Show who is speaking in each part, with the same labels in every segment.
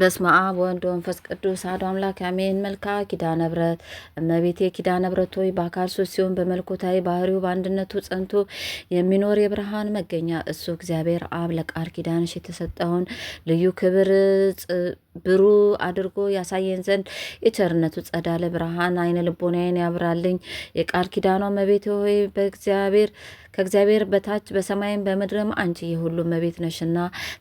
Speaker 1: በስመ አብ ወወልድ ወመንፈስ ቅዱስ አሐዱ አምላክ አሜን። መልክዓ ኪዳነ ምህረት እመቤቴ ኪዳነ ምህረት ሆይ በአካል ሶስት ሲሆን በመለኮታዊ ባህሪው በአንድነቱ ጸንቶ የሚኖር የብርሃን መገኛ እሱ እግዚአብሔር አብ ለቃል ኪዳንሽ የተሰጠውን ልዩ ክብር ብሩ አድርጎ ያሳየን ዘንድ የቸርነቱ ጸዳለ ብርሃን አይነ ልቦናዬን ያብራልኝ። የቃል ኪዳኗ እመቤቴ ሆይ በእግዚአብሔር ከእግዚአብሔር በታች በሰማይም በምድርም አንቺ የሁሉ መቤት ነሽና፣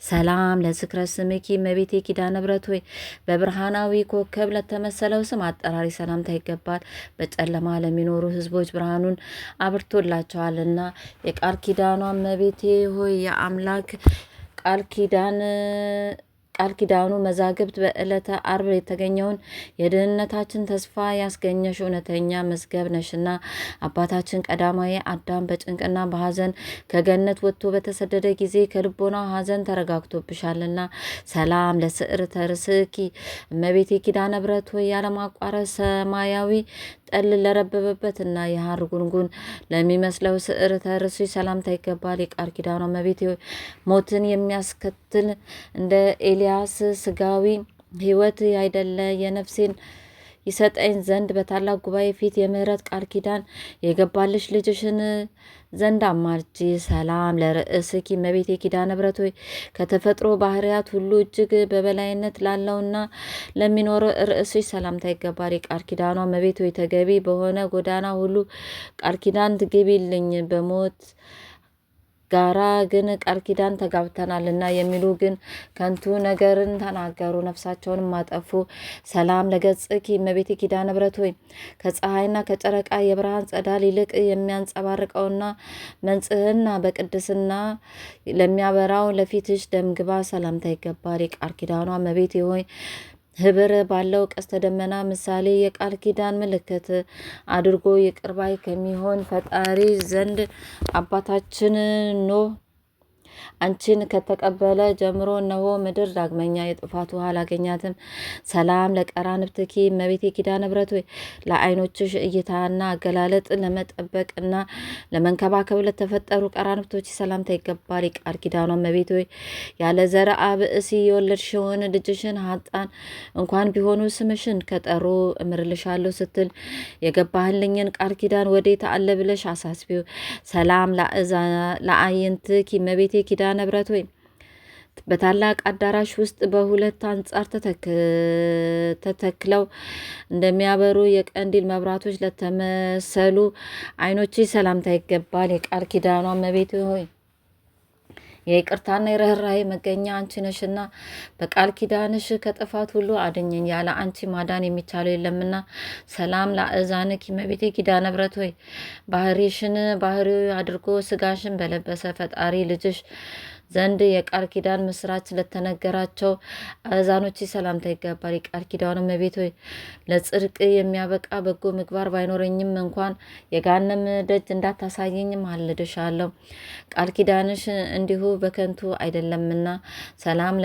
Speaker 1: ሰላም ለዝክረ ስምኪ መቤቴ ኪዳነ ብረት ሆይ በብርሃናዊ ኮከብ ለተመሰለው ስም አጠራሪ ሰላምታ ይገባል። በጨለማ ለሚኖሩ ህዝቦች ብርሃኑን አብርቶላቸዋልና የቃል ኪዳኗ መቤቴ ሆይ የአምላክ ቃል ኪዳን ቃል ኪዳኑ መዛግብት በዕለተ አርብ የተገኘውን የድህነታችን ተስፋ ያስገኘሽ እውነተኛ መዝገብ ነሽና አባታችን ቀዳማዊ አዳም በጭንቅና በሐዘን ከገነት ወጥቶ በተሰደደ ጊዜ ከልቦና ሐዘን ተረጋግቶብሻልና ሰላም ለስዕር ተርስኪ እመቤቴ ኪዳነ ብረት ሆይ ያለማቋረጥ ሰማያዊ ጠል ለረበበበት እና የሐር ጉንጉን ለሚመስለው ስዕር ተርሱ ሰላምታ ይገባል። የቃል ኪዳኗ መቤት ሞትን የሚያስከትል እንደ ኤልያስ ስጋዊ ህይወት አይደለ የነፍሴን ይሰጠኝ ዘንድ በታላቅ ጉባኤ ፊት የምህረት ቃል ኪዳን የገባልሽ ልጅሽን ዘንድ አማርጂ። ሰላም ለርእስኪ እመቤቴ ኪዳነ ምሕረት ሆይ ከተፈጥሮ ባህርያት ሁሉ እጅግ በበላይነት ላለውና ለሚኖረው ርእስሽ ሰላምታ ይገባል። የቃል ኪዳኗ እመቤት ሆይ ተገቢ በሆነ ጎዳና ሁሉ ቃል ኪዳን ትግቢልኝ በሞት ጋራ ግን ቃል ኪዳን ተጋብተናል እና የሚሉ ግን ከንቱ ነገርን ተናገሩ፣ ነፍሳቸውን ማጠፉ። ሰላም ለገጽኪ እመቤቴ ኪዳነ ምሕረት ሆይ ከፀሐይና ከጨረቃ የብርሃን ጸዳል ይልቅ የሚያንጸባርቀውና መንጽህና በቅድስና ለሚያበራው ለፊትሽ ደምግባ ሰላምታ ይገባል። የቃል ኪዳኗ እመቤቴ ሆይ ህብር ባለው ቀስተ ደመና ምሳሌ የቃል ኪዳን ምልክት አድርጎ ይቅር ከሚሆን ፈጣሪ ዘንድ አባታችን ኖህ አንቺን ከተቀበለ ጀምሮ እነሆ ምድር ዳግመኛ የጥፋት ውሃ አላገኛትም። ሰላም ለቀራንብትኪ እመቤቴ ኪዳነ ምሕረት ሆይ ለአይኖችሽ እይታና አገላለጥ ለመጠበቅና ለመንከባከብ ለተፈጠሩ ቀራንብቶች ሰላምታ ይገባል። የቃል ኪዳኗ እመቤቴ ሆይ ያለ ዘርአ ብእሲ የወለድሽውን ልጅሽን ሀጣን እንኳን ቢሆኑ ስምሽን ከጠሩ እምርልሻለሁ ስትል የገባህልኝን ቃል ኪዳን ወዴት አለ ብለሽ አሳስቢው። ሰላም ለአይንትኪ እመቤቴ ሜዳ ንብረት ወይም በታላቅ አዳራሽ ውስጥ በሁለት አንጻር ተተክለው እንደሚያበሩ የቀንዲል መብራቶች ለተመሰሉ ዓይኖች ሰላምታ ይገባል። የቃል ኪዳኗ እመቤቴ ሆይ የይቅርታና የርኅራኄ መገኛ አንቺ ነሽና በቃል ኪዳንሽ ከጥፋት ሁሉ አድኝኝ። ያለ አንቺ ማዳን የሚቻለው የለምና ሰላም ለአእዛንኪ እመቤቴ ኪዳነ ምሕረት ሆይ ባህሪሽን ባህሪ አድርጎ ስጋሽን በለበሰ ፈጣሪ ልጅሽ ዘንድ የቃል ኪዳን ምስራች ለተነገራቸው አዛኖች ሰላምታ ይገባል። የቃል ኪዳኑ መቤት ሆይ ለጽድቅ የሚያበቃ በጎ ምግባር ባይኖረኝም እንኳን የጋነም ደጅ እንዳታሳየኝ ማልድሻለሁ። ቃል ኪዳንሽ እንዲሁ በከንቱ አይደለምና ሰላም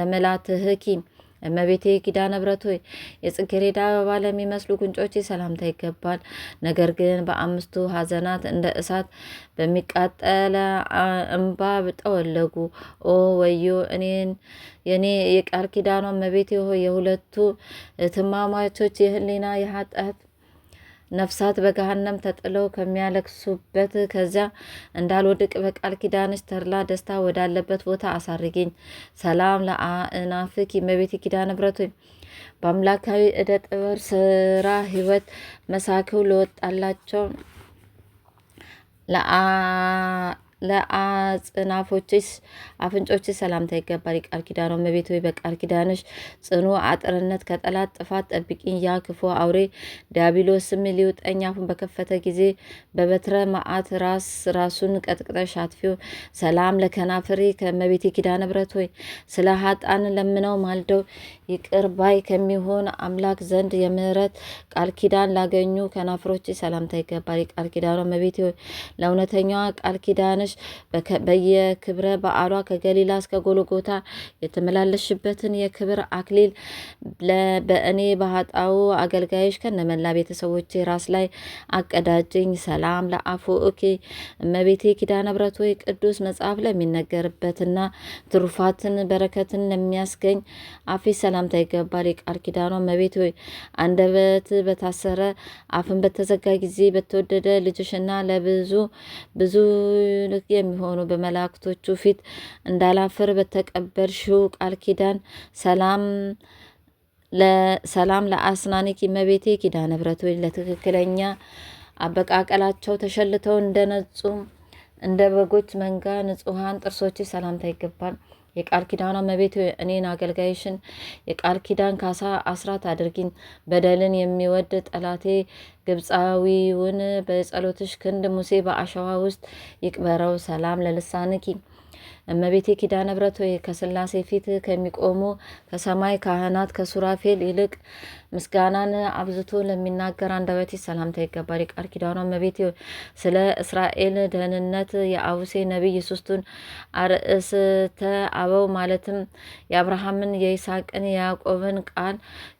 Speaker 1: ለመላትህኪም እመቤቴ ኪዳ ንብረት ሆይ የጽጌረዳ አበባ ለሚመስሉ ጉንጮች ሰላምታ ይገባል። ነገር ግን በአምስቱ ሀዘናት እንደ እሳት በሚቃጠለ እንባ ጠወለጉ። ኦ ወዮ እኔን የኔ የቃል ኪዳኗ እመቤቴ ሆይ የሁለቱ ትማማቾች የህሊና የኃጢአት ነፍሳት በገሃነም ተጥለው ከሚያለክሱበት ከዚያ እንዳልወድቅ በቃል ኪዳንሽ ተድላ ደስታ ወዳለበት ቦታ አሳርጊኝ። ሰላም ለአእናፍኪ እመቤቴ ኪዳነ ምሕረት ሆይ በአምላካዊ እደ ጥበር ስራ ህይወት መሳኪው ለወጣላቸው ለአጽናፎችሽ አፍንጮች ሰላምታ ይገባል። የቃል ኪዳኖ እመቤት ሆይ በቃል ኪዳንሽ ጽኑ አጥርነት ከጠላት ጥፋት ጠብቂኝ። ያ ክፉ አውሬ ዲያብሎስም ሊውጠኝ አፉን በከፈተ ጊዜ በበትረ መዓት ራስ ራሱን ቀጥቅጠሽ አጥፊው። ሰላም ለከናፍሬ ከእመቤቴ ኪዳነ ምሕረት ሆይ ስለ ሀጣን ለምነው ማልደው ይቅር ባይ ከሚሆን አምላክ ዘንድ የምህረት ቃል ኪዳን ላገኙ ከናፍሮች ሰላምታ ይገባል። የቃል ኪዳኖ መቤት ሆይ ለእውነተኛዋ ቃል ኪዳንሽ በየክብረ በዓሏ ከገሊላ እስከ ጎልጎታ የተመላለሽበትን የክብር አክሊል በእኔ በሀጣው አገልጋዮች ከነመላ ቤተሰቦች ራስ ላይ አቀዳጅኝ። ሰላም ለአፎ እኬ እመቤቴ ኪዳነ ብረት ወይ ቅዱስ መጽሐፍ ለሚነገርበትና ትሩፋትን በረከትን ለሚያስገኝ አፌ ሰላምታ ይገባል። የቃል ኪዳኗ እመቤት ወይ አንደበት በታሰረ አፍን በተዘጋ ጊዜ በተወደደ ልጅሽና ለብዙ ብዙ ምልክት የሚሆኑ በመላእክቶቹ ፊት እንዳላፍር በተቀበልሽው ቃል ኪዳን ሰላም ሰላም ለአስናንኪ እመቤቴ ኪዳነ ወይ ለትክክለኛ አበቃቀላቸው ተሸልተው እንደነጹ እንደ በጎች መንጋ ንጹሐን ጥርሶች ሰላምታ ይገባል። የቃል ኪዳን እመቤት እኔን አገልጋይሽን የቃል ኪዳን ካሳ አስራት አድርጊኝ። በደልን የሚወድ ጠላቴ ግብፃዊውን በጸሎትሽ ክንድ ሙሴ በአሸዋ ውስጥ ይቅበረው። ሰላም ለልሳንኪ እመቤቴ ኪዳነ ምሕረት ሆይ ከስላሴ ፊት ከሚቆሙ ከሰማይ ካህናት ከሱራፌል ይልቅ ምስጋናን አብዝቶ ለሚናገር አንደበቴ ሰላምታ ይገባል። የቃል ኪዳኗ እመቤቴ ስለ እስራኤል ደህንነት የአቡሴ ነቢይ ሶስቱን አርእስተ አበው ማለትም የአብርሃምን፣ የይስሐቅን፣ የያዕቆብን ቃል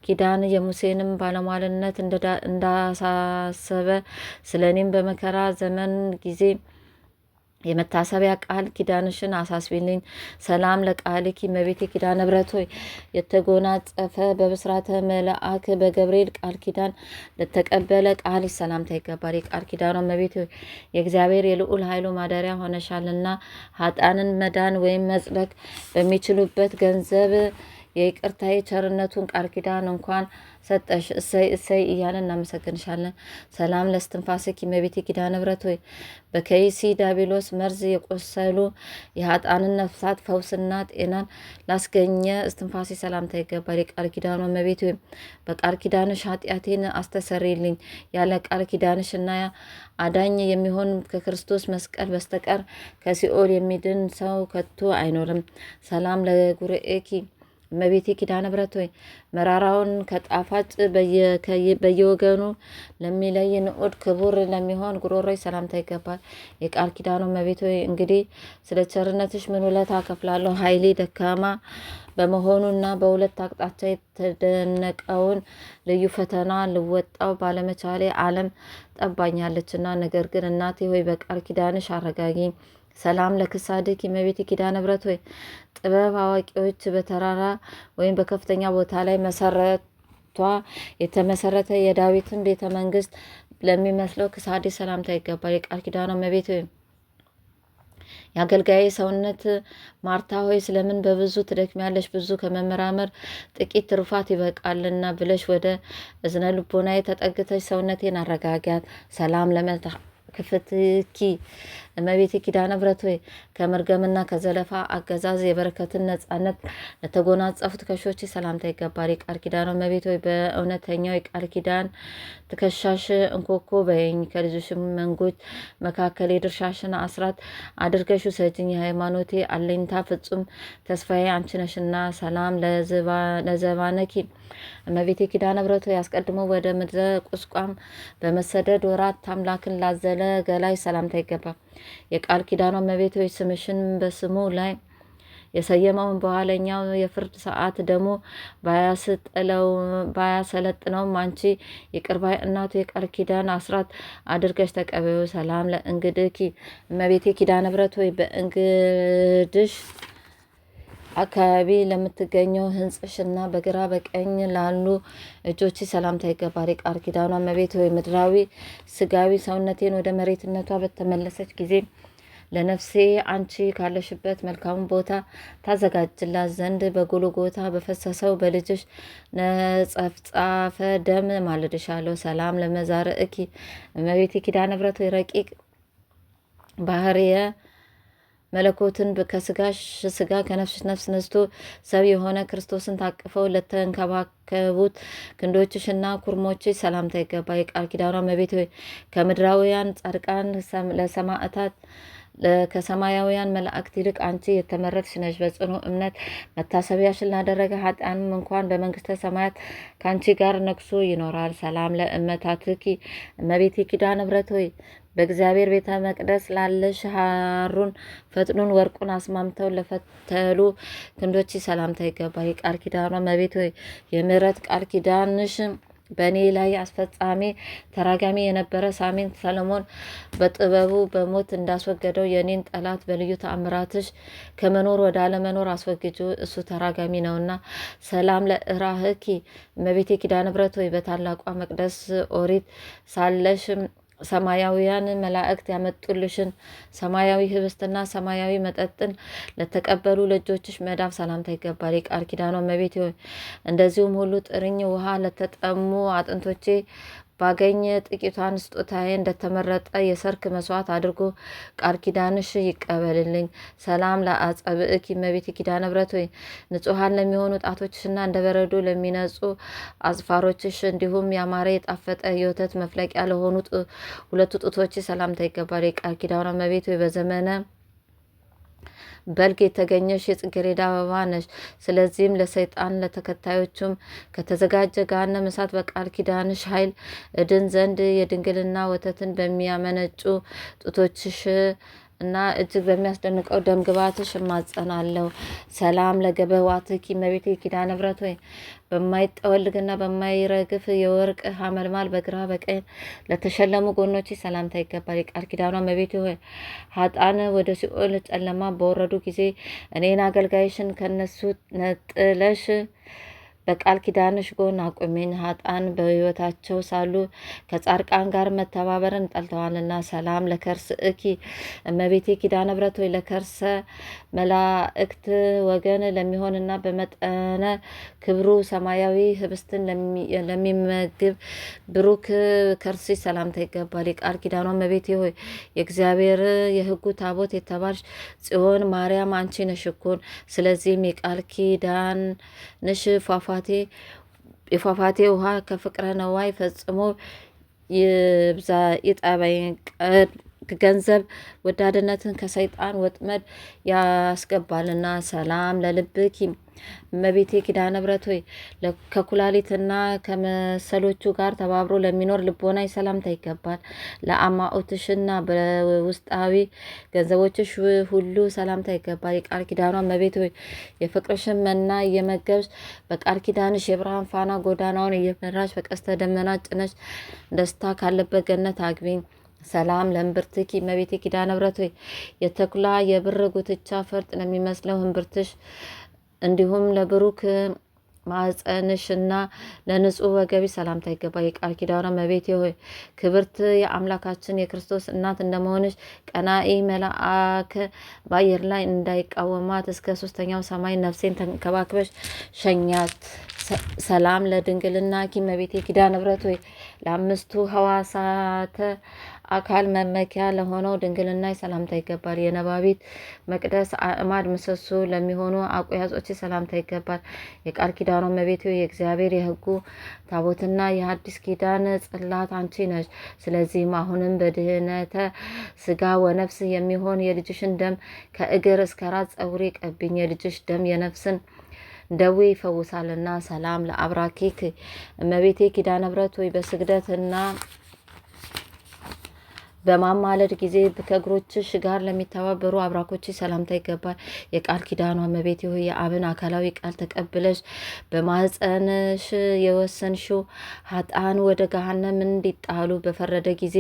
Speaker 1: ኪዳን የሙሴንም ባለሟልነት እንዳሳሰበ ስለ እኔም በመከራ ዘመን ጊዜ የመታሰቢያ ቃል ኪዳንሽን አሳስቢልኝ። ሰላም ለቃል መቤቴ ኪዳነ ብረት ሆይ የተጎናጸፈ በብስራተ መልአክ በገብርኤል ቃል ኪዳን ለተቀበለ ቃል ሰላምታ ይገባል። የቃል ኪዳኑ መቤቴ ሆይ የእግዚአብሔር የልዑል ኃይሉ ማደሪያ ሆነሻልና ሀጣንን መዳን ወይም መጽደቅ በሚችሉበት ገንዘብ የይቅርታ የቸርነቱን ቃል ኪዳን እንኳን ሰጠሽ። እሰይ እሰይ እያለ እናመሰግንሻለን። ሰላም ለስትንፋስኪ እመቤቴ ኪዳ ንብረት ወይ በከይሲ ዳቢሎስ መርዝ የቆሰሉ የሀጣንን ነፍሳት ፈውስና ጤናን ላስገኘ እስትንፋሴ ሰላምታ ይገባል። የቃል ኪዳኑ መቤት ወይም በቃል ኪዳንሽ ኃጢአቴን አስተሰሪልኝ ያለ ቃል ኪዳንሽና አዳኝ የሚሆን ከክርስቶስ መስቀል በስተቀር ከሲኦል የሚድን ሰው ከቶ አይኖርም። ሰላም ለጉርኤኪ እመቤቴ ኪዳነ ምሕረት ሆይ መራራውን ከጣፋጭ በየወገኑ ለሚለይ ንዑድ ክቡር ለሚሆን ጉሮሮች ሰላምታ ይገባል። የቃል ኪዳኑ እመቤት ሆይ እንግዲህ ስለ ቸርነትሽ ምን ውለታ አከፍላለሁ? ኃይሌ ደካማ በመሆኑና በሁለት አቅጣጫ የተደነቀውን ልዩ ፈተና ልወጣው ባለመቻሌ ዓለም ጠባኛለችና፣ ነገር ግን እናቴ ሆይ በቃል ኪዳንሽ አረጋጊ ሰላም ለክሳድክ የመቤት ኪዳነ ምሕረት ሆይ ጥበብ አዋቂዎች በተራራ ወይም በከፍተኛ ቦታ ላይ መሰረቷ የተመሰረተ የዳዊትን ቤተ መንግስት ለሚመስለው ክሳዴ ሰላምታ ይገባል። የቃል ኪዳኗ መቤት ወይም የአገልጋይ ሰውነት ማርታ ሆይ ስለምን በብዙ ትደክሚያለሽ? ብዙ ከመመራመር ጥቂት ትሩፋት ይበቃልና ብለሽ ወደ እዝነ ልቦናዬ ተጠግተሽ ሰውነቴን አረጋጊያት። ሰላም ለመታ ክፍትኪ እመቤቴ ኪዳነ ምሕረት ሆይ ከመርገምና ከዘለፋ አገዛዝ የበረከትን ነጻነት ለተጎናጸፉ ትከሻዎች ሰላምታ ይገባል። የቃል ኪዳኑ እመቤት ሆይ በእውነተኛው የቃል ኪዳን ትከሻሽ እንኮኮ በይኝ፣ ከልጆሽ መንጎች መካከል የድርሻሽን አስራት አድርገሽ ውሰጅኝ። የሃይማኖቴ አለኝታ ፍጹም ተስፋዬ አንቺ ነሽና ሰላም ለዘባነኪ እመቤቴ ኪዳነ ምሕረት ሆይ አስቀድሞ ወደ ምድረ ቁስቋም በመሰደድ ወራት አምላክን ላዘለ ገላይ ሰላምታ ይገባል። የቃል ኪዳኗ እመቤት ሆይ ስምሽን በስሙ ላይ የሰየመውን በኋለኛው የፍርድ ሰዓት ደግሞ ባያሰለጥነውም አንቺ የቅርባይ እናቱ የቃል ኪዳን አስራት አድርገሽ ተቀበዩ። ሰላም ለእንግድኪ እመቤቴ ኪዳነ ምሕረት ሆይ በእንግድሽ አካባቢ ለምትገኘው ሕንጽሽና በግራ በቀኝ ላሉ እጆች ሰላምታ ይገባል። የቃል ኪዳኗ መቤት ወይ ምድራዊ ስጋዊ ሰውነቴን ወደ መሬትነቷ በተመለሰች ጊዜ ለነፍሴ አንቺ ካለሽበት መልካም ቦታ ታዘጋጅላት ዘንድ በጎልጎታ በፈሰሰው በልጅሽ ነጸፍጻፈ ደም ማልድሻለሁ። ሰላም ለመዛርእኪ እመቤቴ ኪዳነ ምሕረት ረቂቅ ባህርየ መለኮትን ከስጋሽ ስጋ ከነፍስሽ ነፍስ ነስቶ ሰብ የሆነ ክርስቶስን ታቅፈው ለተንከባከቡት ክንዶችሽና ኩርሞችሽ ሰላምታ ይገባ። የቃል ኪዳኗ መቤት ሆይ ከምድራውያን ጻድቃን ለሰማዕታት ከሰማያውያን መላእክት ይልቅ አንቺ የተመረጥሽ ነሽ። በጽኑ እምነት መታሰቢያሽን ላደረገ ኃጢአንም እንኳን በመንግስተ ሰማያት ከአንቺ ጋር ነግሶ ይኖራል። ሰላም ለእመታትኪ እመቤቴ ኪዳነ ምሕረት ሆይ በእግዚአብሔር ቤተ መቅደስ ላለ ሻሩን ፈጥኑን ወርቁን አስማምተው ለፈተሉ ክንዶች ሰላምታ ይገባል። የቃል ኪዳኗ መቤት ወይ የምህረት ቃል ኪዳንሽ በእኔ ላይ አስፈጻሚ ተራጋሚ የነበረ ሳሚን ሰለሞን በጥበቡ በሞት እንዳስወገደው የኔን ጠላት በልዩ ተአምራትሽ ከመኖር ወደ አለመኖር አስወግጁ፣ እሱ ተራጋሚ ነውና። ሰላም ለእራህኪ መቤቴ ኪዳነ ምሕረት ወይ በታላቋ መቅደስ ኦሪት ሳለሽም ሰማያውያን መላእክት ያመጡልሽን ሰማያዊ ህብስትና ሰማያዊ መጠጥን ለተቀበሉ ለእጆችሽ መዳፍ ሰላምታ ይገባል። የቃል ኪዳኗ እመቤት እንደዚሁም ሁሉ ጥርኝ ውሃ ለተጠሙ አጥንቶቼ ባገኘ ጥቂቷን ስጦታዬ እንደተመረጠ የሰርክ መስዋዕት አድርጎ ቃል ኪዳንሽ ይቀበልልኝ። ሰላም ለአጸብእኪ እመቤት ኪዳነ ምሕረት ወይ ንጹሐን ለሚሆኑ ጣቶችሽና እንደ በረዶ ለሚነጹ አጽፋሮችሽ እንዲሁም ያማረ የጣፈጠ የወተት መፍለቂያ ለሆኑ ሁለቱ ጡቶች ሰላምታ ይገባል። የቃል ኪዳኗ እመቤት ወይ በዘመነ በልግ የተገኘሽ የጽጌሬዳ አበባ ነሽ። ስለዚህም ለሰይጣን ለተከታዮቹም ከተዘጋጀ ገሃነመ እሳት በቃል ኪዳንሽ ኃይል እድን ዘንድ የድንግልና ወተትን በሚያመነጩ ጡቶችሽ እና እጅግ በሚያስደንቀው ደም ግባትሽ እማጸናለሁ። ሰላም ለገበዋትኪ እመቤቴ ኪዳነ ምሕረት ሆይ በማይጠወልግና በማይረግፍ የወርቅ ሀመልማል በግራ በቀኝ ለተሸለሙ ጎኖች ሰላምታ ይገባል። የቃል ኪዳኗ መቤት ሆይ ሀጣን ወደ ሲኦል ጨለማ በወረዱ ጊዜ እኔን አገልጋይሽን ከነሱ ነጥለሽ በቃል ኪዳንሽ ጎን አቁሚን። ሀጣን በህይወታቸው ሳሉ ከጻድቃን ጋር መተባበርን ጠልተዋልና። ሰላም ለከርስ እኪ እመቤቴ ኪዳነ ምሕረት ወይ ለከርሰ መላእክት ወገን ለሚሆንና በመጠነ ክብሩ ሰማያዊ ህብስትን ለሚመግብ ብሩክ ከርሲ ሰላምታ ይገባል። የቃል ኪዳኗ እመቤቴ ሆይ የእግዚአብሔር የህጉ ታቦት የተባልሽ ጽዮን ማርያም አንቺ ነሽኩን። ስለዚህም የቃል ኪዳንሽ ፏፏ ፏፏቴ የፏፏቴ ውሃ ከፍቅረ ነዋይ ፈጽሞ ይብዛ ይጠበኝ ቀድ ገንዘብ ወዳድነትን ከሰይጣን ወጥመድ ያስገባልና። ሰላም ለልብኪ እመቤቴ ኪዳነ ምሕረት ሆይ ከኩላሊትና ከመሰሎቹ ጋር ተባብሮ ለሚኖር ልቦናይ ሰላምታ ይገባል። ለአማኦትሽና በውስጣዊ ገንዘቦችሽ ሁሉ ሰላምታ ይገባል። የቃል ኪዳኗ እመቤት ሆይ የፍቅርሽን መና እየመገብሽ በቃል ኪዳንሽ የብርሃን ፋና ጎዳናውን እየመራሽ በቀስተ ደመና ጭነሽ ደስታ ካለበት ገነት አግቢኝ። ሰላም ለእምብርትኪ እመቤቴ ኪዳነ ምሕረት ሆይ የተኩላ የብር ጉትቻ ፈርጥ ለሚመስለው እምብርትሽ እንዲሁም ለብሩክ ማህፀንሽና ለንጹህ ወገቢ ሰላምታ ይገባ። የቃል ኪዳኗ እመቤቴ ሆይ ክብርት የአምላካችን የክርስቶስ እናት እንደመሆንሽ ቀናኢ መላአክ በአየር ላይ እንዳይቃወማት እስከ ሶስተኛው ሰማይ ነፍሴን ተንከባክበሽ ሸኛት። ሰላም ለድንግልና ለድንግልናኪ እመቤቴ ኪዳነ ምሕረት ወይ ለአምስቱ ሐዋሳተ አካል መመኪያ ለሆነው ድንግልና ሰላምታ ይገባል። የነባቢት መቅደስ አእማድ ምሰሶ ለሚሆኑ አቆያጾች ሰላምታ ይገባል። የቃል ኪዳኑ መቤት የእግዚአብሔር የህጉ ታቦትና የሐዲስ ኪዳን ጽላት አንቺ ነች። ስለዚህም አሁንም በድህነተ ስጋ ወነፍስ የሚሆን የልጅሽን ደም ከእግር እስከ ራስ ጸጉሬ ቀብኝ። የልጅሽ ደም የነፍስን ደዌ ይፈውሳልና። ሰላም ለአብራኬክ እመቤቴ ኪዳነ ምሕረት ወይ በስግደትና በማማለድ ጊዜ ከእግሮችሽ ጋር ለሚተባበሩ አብራኮች ሰላምታ ይገባል። የቃል ኪዳኗ መቤት ሆይ የአብን አካላዊ ቃል ተቀብለሽ በማህፀንሽ የወሰንሽው ሀጣን ወደ ገሃነም እንዲጣሉ በፈረደ ጊዜ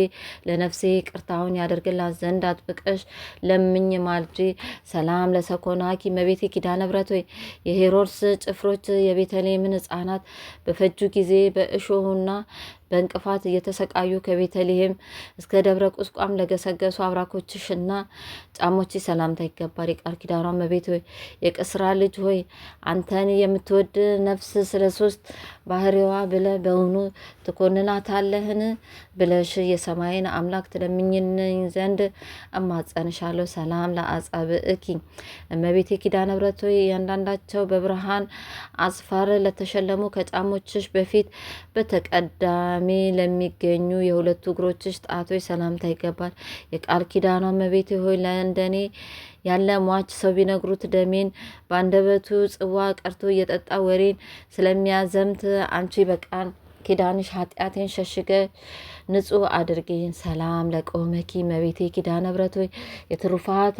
Speaker 1: ለነፍሴ ቅርታውን ያደርግላት ዘንድ አጥብቀሽ ለምኝ ማልጂ። ሰላም ለሰኮናኪ እመቤት ኪዳነ ምሕረት ሆይ የሄሮድስ ጭፍሮች የቤተልሔምን ሕፃናት በፈጁ ጊዜ በእሾሁና በእንቅፋት እየተሰቃዩ ከቤተልሔም እስከ ደብረ ቁስቋም ለገሰገሱ እና ጫሞች ሰላምታ ይገባል። የቃል ኪዳኗ እመቤት ሆይ የቅስራ ልጅ ሆይ አንተን የምትወድ ነፍስ ስለ ሶስት ባህሪዋ ብለ በውኑ ትኮንናታለህን ብለሽ የሰማይን አምላክ ትለምኝነኝ ዘንድ እማጸንሻለሁ። ሰላም ለአጻብዕኪ እመቤቴ ኪዳነ ምሕረት ሆይ እያንዳንዳቸው በብርሃን አስፋር ለተሸለሙ ከጫሞችሽ በፊት በተቀዳ በፍጻሜ ለሚገኙ የሁለቱ እግሮችሽ ጣቶች ሰላምታ ይገባል። የቃል ኪዳኗ እመቤቴ ሆይ ለእንደኔ ያለ ሟች ሰው ቢነግሩት ደሜን በአንደበቱ ጽዋ ቀርቶ እየጠጣ ወሬን ስለሚያዘምት አንቺ በቃል ኪዳንሽ ኃጢአቴን ሸሽገ ንጹህ አድርጌን። ሰላም ለቆመኪ መቤቴ ኪዳነ ብረት ሆይ የትሩፋት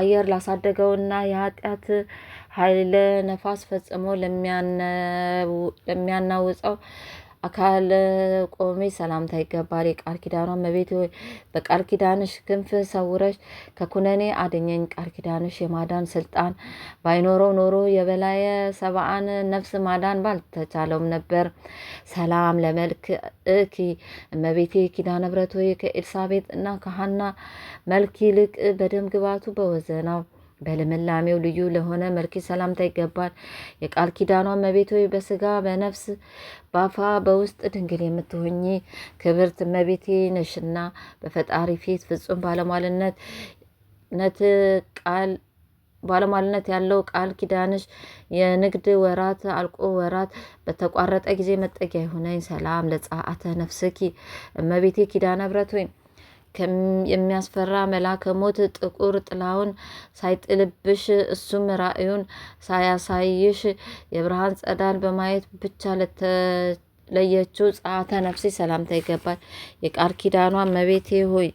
Speaker 1: አየር ላሳደገውና የኃጢአት ኃይለ ነፋስ ፈጽሞ ለሚያናውጸው አካል ቆሜ ሰላምታ ይገባል። የቃል ኪዳኗ መቤት ሆይ በቃል ኪዳንሽ ክንፍ ሰውረሽ ከኩነኔ አድኘኝ። ቃል ኪዳንሽ የማዳን ስልጣን ባይኖረው ኖሮ የበላየ ሰብአን ነፍስ ማዳን ባልተቻለውም ነበር። ሰላም ለመልክ እኪ እመቤቴ ኪዳነ ምሕረት ሆይ ከኤልሳቤጥ እና ከሀና መልክ ይልቅ በደምግባቱ በወዘናው በልምላሜው ልዩ ለሆነ መልክ ሰላምታ ይገባል። የቃል ኪዳኗ እመቤት ሆይ በስጋ በነፍስ ባፋ በውስጥ ድንግል የምትሆኚ ክብርት እመቤቴ ነሽና በፈጣሪ ፊት ፍጹም ባለሟልነት ነት ቃል ባለሟልነት ያለው ቃል ኪዳንሽ የንግድ ወራት አልቆ ወራት በተቋረጠ ጊዜ መጠጊያ የሆነኝ ሰላም ለጻአተ ነፍስኪ እመቤቴ ኪዳነ ብረት ወይም የሚያስፈራ መልአከ ሞት ጥቁር ጥላውን ሳይጥልብሽ እሱም ራእዩን ሳያሳይሽ የብርሃን ጸዳል በማየት ብቻ ለተለየችው ጸአተ ነፍሴ ሰላምታ ይገባል። የቃል ኪዳኗ መቤቴ ሆይ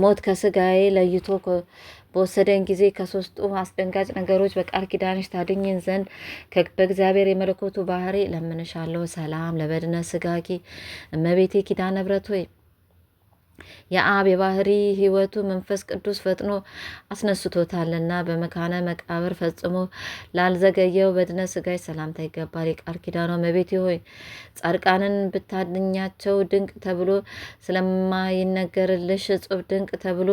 Speaker 1: ሞት ከስጋዬ ለይቶ በወሰደን ጊዜ ከሶስቱ አስደንጋጭ ነገሮች በቃል ኪዳንሽ ታድኝን ዘንድ በእግዚአብሔር የመለኮቱ ባህሪ ለምንሻለሁ። ሰላም ለበድነ ስጋኪ እመቤቴ ኪዳነ ብረት ሆይ የአብ የባህሪ ህይወቱ መንፈስ ቅዱስ ፈጥኖ አስነስቶታልና በመካነ መቃብር ፈጽሞ ላልዘገየው በድነ ስጋይ ሰላምታ ይገባል። የቃል ኪዳኖ መቤት ሆይ ጻድቃንን ብታድኛቸው ድንቅ ተብሎ ስለማይነገርልሽ እጹብ ድንቅ ተብሎ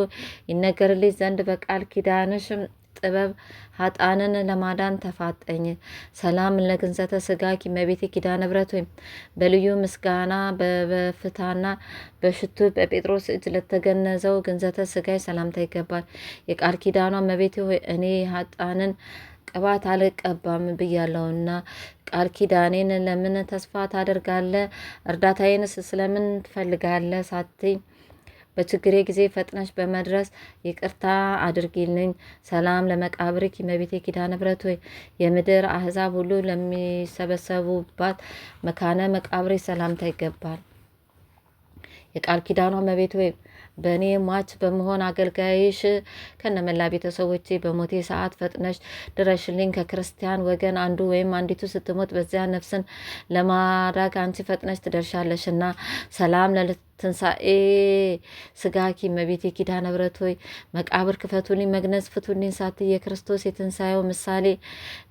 Speaker 1: ይነገርልሽ ዘንድ በቃል ኪዳንሽ ጥበብ ሀጣንን ለማዳን ተፋጠኝ። ሰላም ለግንዘተ ስጋ ኪመቤቴ ኪዳነ ብረት ወይም በልዩ ምስጋና በፍታና በሽቱ በጴጥሮስ እጅ ለተገነዘው ግንዘተ ስጋይ ሰላምታ ይገባል። የቃል ኪዳኗ መቤቴ ሆይ እኔ ሀጣንን ቅባት አልቀባም ብያለውና ቃል ኪዳኔን ለምን ተስፋ ታደርጋለ? እርዳታዬንስ ስለምን ትፈልጋለ? ሳትኝ በችግሬ ጊዜ ፈጥነሽ በመድረስ ይቅርታ አድርጊልኝ። ሰላም ለመቃብርኪ እመቤቴ ኪዳነ ምሕረት ሆይ የምድር አህዛብ ሁሉ ለሚሰበሰቡባት መካነ መቃብሬ ሰላምታ ይገባል። የቃል ኪዳኗ እመቤት ወይም በእኔ ሟች በመሆን አገልጋይሽ ከነመላ ቤተሰቦቼ በሞቴ ሰዓት ፈጥነሽ ድረሽልኝ። ከክርስቲያን ወገን አንዱ ወይም አንዲቱ ስትሞት በዚያ ነፍስን ለማዳግ አንቺ ፈጥነሽ ትደርሻለሽና ሰላም ለልት ስጋኪ መቤቴ ኪዳ ንብረት ሆይ መቃብር ክፈቱልኝ፣ መግነዝ ፍቱልኝ ሳት የክርስቶስ የትንሣኤው ምሳሌ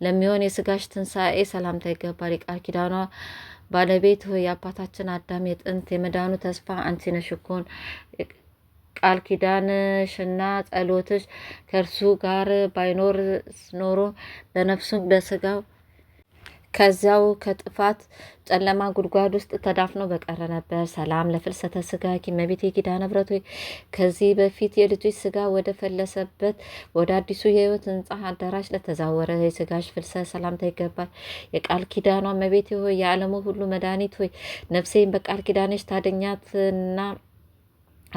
Speaker 1: ለሚሆን የስጋሽ ትንሣኤ ሰላምታ ይገባል። የቃል ኪዳኗ ባለቤት ሆይ የአባታችን አዳም የጥንት የመዳኑ ተስፋ አንቺ ነሽኮን። ቃል ኪዳንሽና ጸሎትሽ ከእርሱ ጋር ባይኖር ኖሮ በነፍሱም በስጋው ከዚያው ከጥፋት ጨለማ ጉድጓድ ውስጥ ተዳፍኖ በቀረ ነበር። ሰላም ለፍልሰተ ስጋ ኪመቤት የኪዳነ ምሕረት ሆይ ከዚህ በፊት የልጆች ስጋ ወደ ፈለሰበት ወደ አዲሱ የህይወት ህንጻ አዳራሽ ለተዛወረ የስጋሽ ፍልሰት ሰላምታ ይገባል። የቃል ኪዳኗ መቤቴ ሆይ የዓለሙ ሁሉ መድኃኒት ሆይ ነፍሴን በቃል ኪዳንሽ ታደኛትና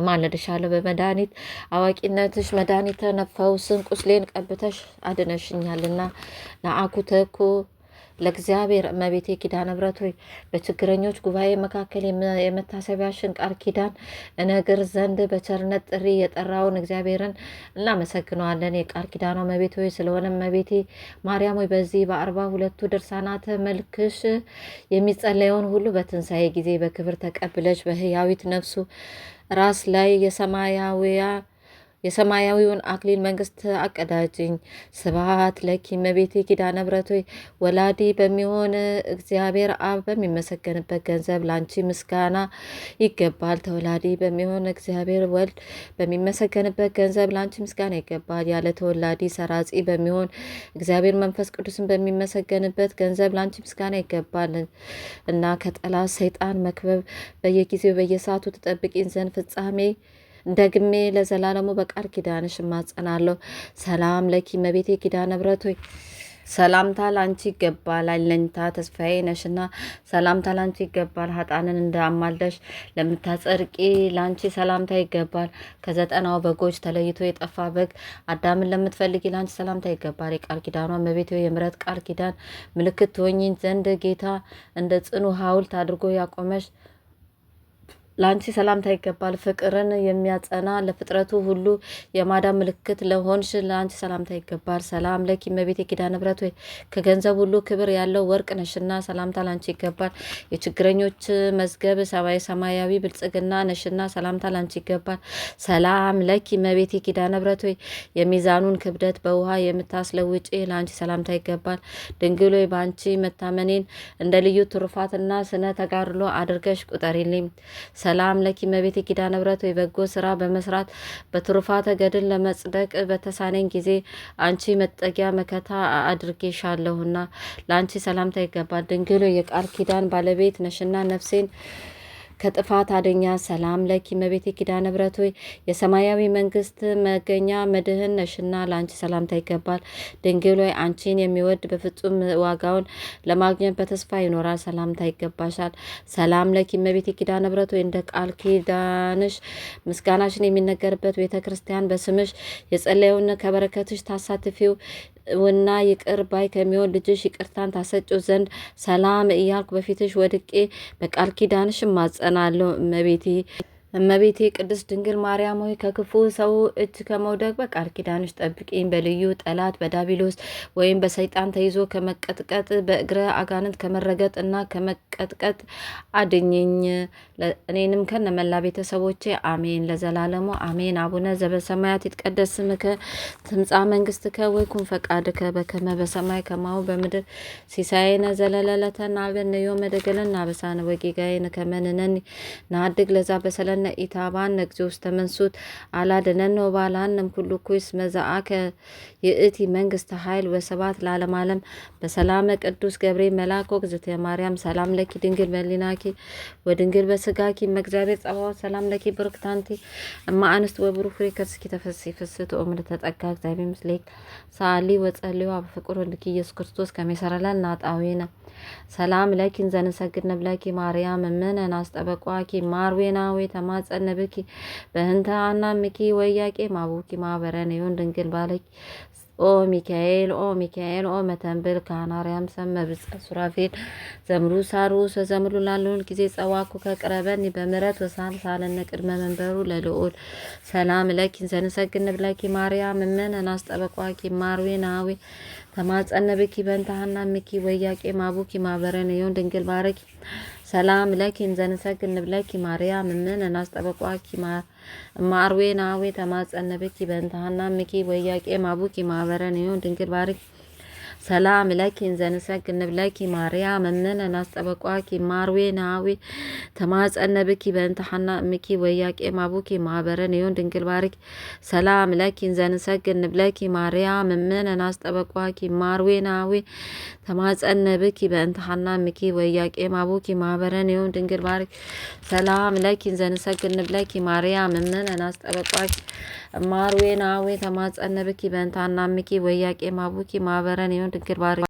Speaker 1: እማልድሻለሁ በመድኃኒት አዋቂነትሽ መድኃኒተ ፈውስን ቁስሌን ቀብተሽ አድነሽኛልና። ነአኩተኩ ለእግዚአብሔር እመቤቴ ኪዳነ ምሕረት ሆይ በችግረኞች ጉባኤ መካከል የመታሰቢያሽን ቃል ኪዳን እነግር ዘንድ በቸርነት ጥሪ የጠራውን እግዚአብሔርን እናመሰግነዋለን። የቃል ኪዳኗ እመቤቴ ሆይ ስለሆነ እመቤቴ ማርያም ሆይ በዚህ በአርባ ሁለቱ ድርሳናተ መልክሽ የሚጸለየውን ሁሉ በትንሣኤ ጊዜ በክብር ተቀብለች በህያዊት ነፍሱ ራስ ላይ የሰማያዊያ የሰማያዊውን አክሊል መንግስት አቀዳጅኝ። ስብሐት ለኪ እመቤቴ ኪዳነ ምሕረት ሆይ ወላዲ በሚሆን እግዚአብሔር አብ በሚመሰገንበት ገንዘብ ላንቺ ምስጋና ይገባል። ተወላዲ በሚሆን እግዚአብሔር ወልድ በሚመሰገንበት ገንዘብ ላንቺ ምስጋና ይገባል። ያለ ተወላዲ ሰራጺ በሚሆን እግዚአብሔር መንፈስ ቅዱስን በሚመሰገንበት ገንዘብ ላንቺ ምስጋና ይገባል እና ከጠላት ሰይጣን መክበብ በየጊዜው በየሰዓቱ ተጠብቂን ዘንድ ፍጻሜ ደግሜ ለዘላለሙ በቃል ኪዳንሽ እማጸናለሁ። ሰላም ለኪ መቤቴ ኪዳነ ምሕረት ሆይ ሰላምታ ላንቺ ይገባል። አለኝታ ተስፋዬ ነሽና ሰላምታ ላንቺ ይገባል። ሀጣንን አማልደሽ ለምታጸድቂ ላንቺ ሰላምታ ይገባል። ከዘጠናው በጎች ተለይቶ የጠፋ በግ አዳምን ለምትፈልጊ ላንቺ ሰላምታ ይገባል። የቃል ኪዳኗ መቤት የምረት ቃል ኪዳን ምልክት ትሆኚ ዘንድ ጌታ እንደ ጽኑ ሐውልት አድርጎ ያቆመሽ ለአንቺ ሰላምታ ይገባል። ፍቅርን የሚያጸና ለፍጥረቱ ሁሉ የማዳን ምልክት ለሆንሽ ለአንቺ ሰላምታ ይገባል። ሰላም ለኪ እመቤቴ ኪዳነ ምሕረት ወይ ከገንዘብ ሁሉ ክብር ያለው ወርቅ ነሽና ሰላምታ ለአንቺ ይገባል። የችግረኞች መዝገብ ሰማይ ሰማያዊ ብልጽግና ነሽና ሰላምታ ለአንቺ ይገባል። ሰላም ለኪ እመቤቴ ኪዳነ ምሕረት ወይ የሚዛኑን ክብደት በውሃ የምታስለውጪ ለአንቺ ሰላምታ ይገባል። ድንግሎ በአንቺ መታመኔን እንደ ልዩ ትሩፋትና ስነ ተጋድሎ አድርገሽ ቁጠሪልኝ። ሰላም ለኪ መቤት ኪዳ ንብረት ወይ በጎ ስራ በመስራት በትሩፋተ ገድል ለመጽደቅ በተሳነኝ ጊዜ አንቺ መጠጊያ መከታ አድርጌሻለሁና ለአንቺ ሰላምታ ይገባል። ድንግሎ የቃል ኪዳን ባለቤት ነሽና ነፍሴን ከጥፋት አደኛ። ሰላም ለኪ መቤቴ ኪዳ ንብረት ሆይ የሰማያዊ መንግስት መገኛ መድህን ነሽና ለአንቺ ሰላምታ ይገባል። ድንግል ሆይ አንቺን የሚወድ በፍጹም ዋጋውን ለማግኘት በተስፋ ይኖራል፣ ሰላምታ ይገባሻል። ሰላም ለኪ መቤቴ ኪዳ ንብረት ሆይ እንደ ቃል ኪዳንሽ ምስጋናሽን የሚነገርበት ቤተ ክርስቲያን በስምሽ የጸለየውን ከበረከትሽ ታሳትፊው ውና ይቅር ባይ ከሚሆን ልጅሽ ይቅርታን ታሰጪው ዘንድ ሰላም እያልኩ በፊትሽ ወድቄ በቃል ኪዳንሽ እማጸናለሁ እመቤቴ። እመቤቴ ቅድስት ድንግል ማርያም ሆይ ከክፉ ሰው እጅ ከመውደቅ በቃል ኪዳንሽ ጠብቂኝ። በልዩ ጠላት በዳቢሎስ ወይም በሰይጣን ተይዞ ከመቀጥቀጥ በእግረ አጋንንት ከመረገጥ እና ከመቀጥቀጥ አድኝኝ። እኔንም ከነ መላ ቤተሰቦቼ አሜን፣ ለዘላለሙ አሜን። አቡነ ዘበሰማያት ይትቀደስ ስምከ ትምጻእ መንግስትከ ወይኩን ፈቃድከ በከመ በሰማይ ከማሁ በምድር ሲሳየነ ዘለለዕለትነ ሀበነ ዮም ወኅድግ ለነ አበሳነ ወጌጋየነ ከመ ንሕነኒ ንኅድግ ለዘ አበሰ ኢታበነ ኢታባን ነግዚ ውስተ መንሱት አላደነኖ ባላንም ኩሉ ኩይስ መዛአከ የእቲ መንግስተ ሀይል ወሰባት ለዓለመ አለም በሰላመ ቅዱስ ገብሬ መላኮ ግዝት ማርያም ሰላም ለኪ ድንግል በሊናኪ ወድንግል በስጋኪ መእግዚአብሔር ጸባኦት ሰላም ለኪ ብርክታንቲ እማ አንስት ወብሩ ፍሬ ከርስኪ ተፈሲ ፍስሕት ኦምለ ተጠጋ እግዚአብሔር ምስሌክ ሳሊ ወጸልዩ አብ ፍቁር ወልኪ ኢየሱስ ክርስቶስ ከመ ይሠራ ሰላም ለኪን ዘንሰግድ ንሰግድ ንብለኪ ማርያም ምን ናስጠበቋኪ ማርዌናዊ ተማጸነ ብኪ በህንተ ምኪ ወያቄ ማቡኪ ማበረን ይሁን ድንግል ባለች ኦ ሚካኤል ኦ ሚካኤል ኦ መተንብል ካናርያም ሰመብፀ ሱራፌል ዘምሩ ሳሩ ሰዘምሩ ላለሁል ጊዜ ጸዋኩ ከቅረበን በምረት ወሳል ሳለነ ቅድመ መንበሩ ለልዑል ሰላም ለኪን ዘንሰግንብ ለኪ ማርያም እመን እናስጠበቋኪ ማርዌ ናዊ ተማጸነ ብኪ በእንተ ሐና እምኪ ወኢያቄ አቡኪ ማኅበረነ ዮም ድንግል ባረኪ ሰላም ለኪ እንዘንሰግድ ንብለኪ ማርያም እምን እናስጠበቋኪ ማርዌ ናዌ ተማጸነ ብኪ በእንተ ሐና እምኪ ወኢያቄ ማቡኪ ማኅበረነ ዮን ድንግል ባረኪ ሰላም ለኪ እንዘንሰግድ ለኪ ማርያም እምነ ናስጠበቋኪ ማርዌ ናዊ ተማጸነብኪ በእንተ ሐና እምኪ ወያቄ ማቡኪ ማህበረ ንዮን ድንግል ባርኪ ሰላም ለኪ እንዘንሰግድ ለኪ ማርያም እምነ ናስጠበቋኪ ማርዌ ናዊ ተማጸነብኪ በእንተ ሐና እምኪ ወያቄ ማቡኪ ማህበረ ንዮን ድንግል ባርኪ ሰላም ለኪ እንዘንሰግድ ለኪ ማርያም እምነ ናስጠበቋኪ ማርዌናዊ ተማጸነ ብኪ በእንታና ምኪ ወያቄ ማቡኪ ማበረን ይሁን ድንግል ባሪ